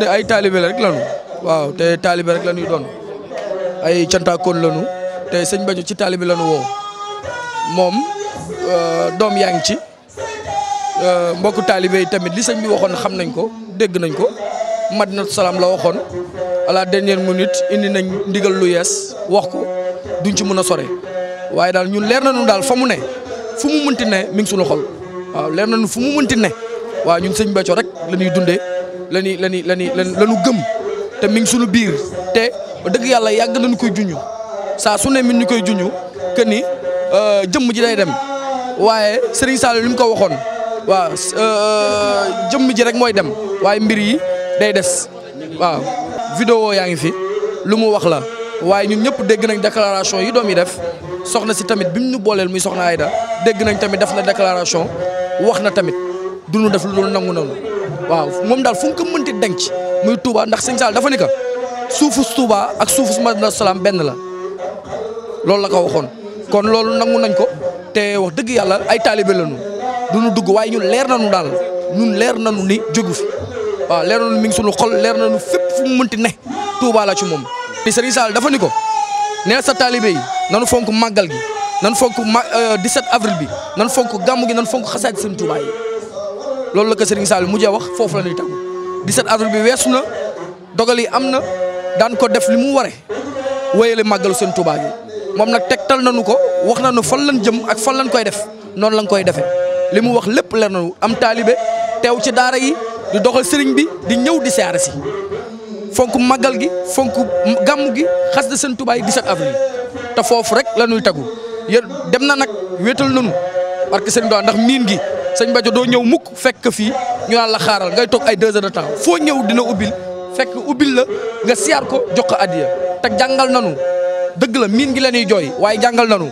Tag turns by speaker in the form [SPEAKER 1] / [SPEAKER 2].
[SPEAKER 1] de ay taalibe rek lanu waaw te taalibe rek la ñuy ay cantaakoon lanu te sëñ Bacu ci taalibe lanu woo moom euh, doom yaa ngi ci euh, mbokku taalibe yi tamit li sëñ bi waxoon xam nañ ko dégg nañ ko Madinatu Salaam la waxoon à la dernière minute indi nañ ndigal lu yees wax ko duñ ci mën a sore waaye daal ñun leer nañu daal fa mu ne fu mu mënti ne mi ngi waaw leer nañu fu mu waaw ñun sëñ Bacu rek la ñuy la la ñuy gëm te mi ngi suñu biir te dëgg yàlla yàgg nañu koy juñu saa su ne mi ñu koy juñu que ni euh, jëmm ji day dem waaye Serigne Saliou li mu ko waxoon waaw euh, jëmm ji rek mooy dem waaye mbir yi day des waaw. vidéo yaa ngi fi lu mu wax la waaye ñun ñëpp dégg nañ déclaration yi doom yi def soxna si tamit bi mu ñu booleel muy soxna Aida dégg nañ tamit daf na déclaration wax na tamit du ñu def lu dul nangu noonu. waaw moom daal fu mu ko mënti denc muy Touba ndax sëñ Saal dafa ni ko suufu Touba ak suufu Madina Salaam benn la loolu la ko kon loolu nangu nañ ko te wax dëgg yàlla ay taalibe nu du ñu dugg waaye ñun leer nañu daal ñun leer nañu ni jógu fi waaw leer nañu mi ngi sunu xol leer nañu fépp fu mu mënti ne tuuba la ci moom. te sëñ Saal dafa ni ko nee sa taalibe yi nanu fonk màggal gi nan fonk ma 17 euh, avril bi nan fonk gàmmu gi nan fonk xasaat sëñ Touba yi. loolu la ko Serigne Saliou mujjee wax foofu la ñuy tàggu 17 avril bi weesu na dogal yi am na daan ko def li mu waree wéyale màggalu seen Touba moom nag tegtal nañu ko wax nañu fan lañ jëm ak fan lañ koy def noonu lañ koy defee li mu wax lépp leer nañu am taalibe teew ci daara yi di doxal sëriñ bi di ñëw di siyaare si fonk màggal gi fonk gàmm gi xas de seen Touba yi 17 avril te foofu rek la ñuy tegu yéen dem na nag wéetal nañu parce que sëriñ Touba ndax gi. seigne badjo do ñew mukk fekk fi ñu la xaaral ngay tok ay 2 heures de temps fo ñew dina ubil fekk ubil la nga siar ko jox ko adiya tak jangal nanu deug la min gi lañuy joy waye jangal nanu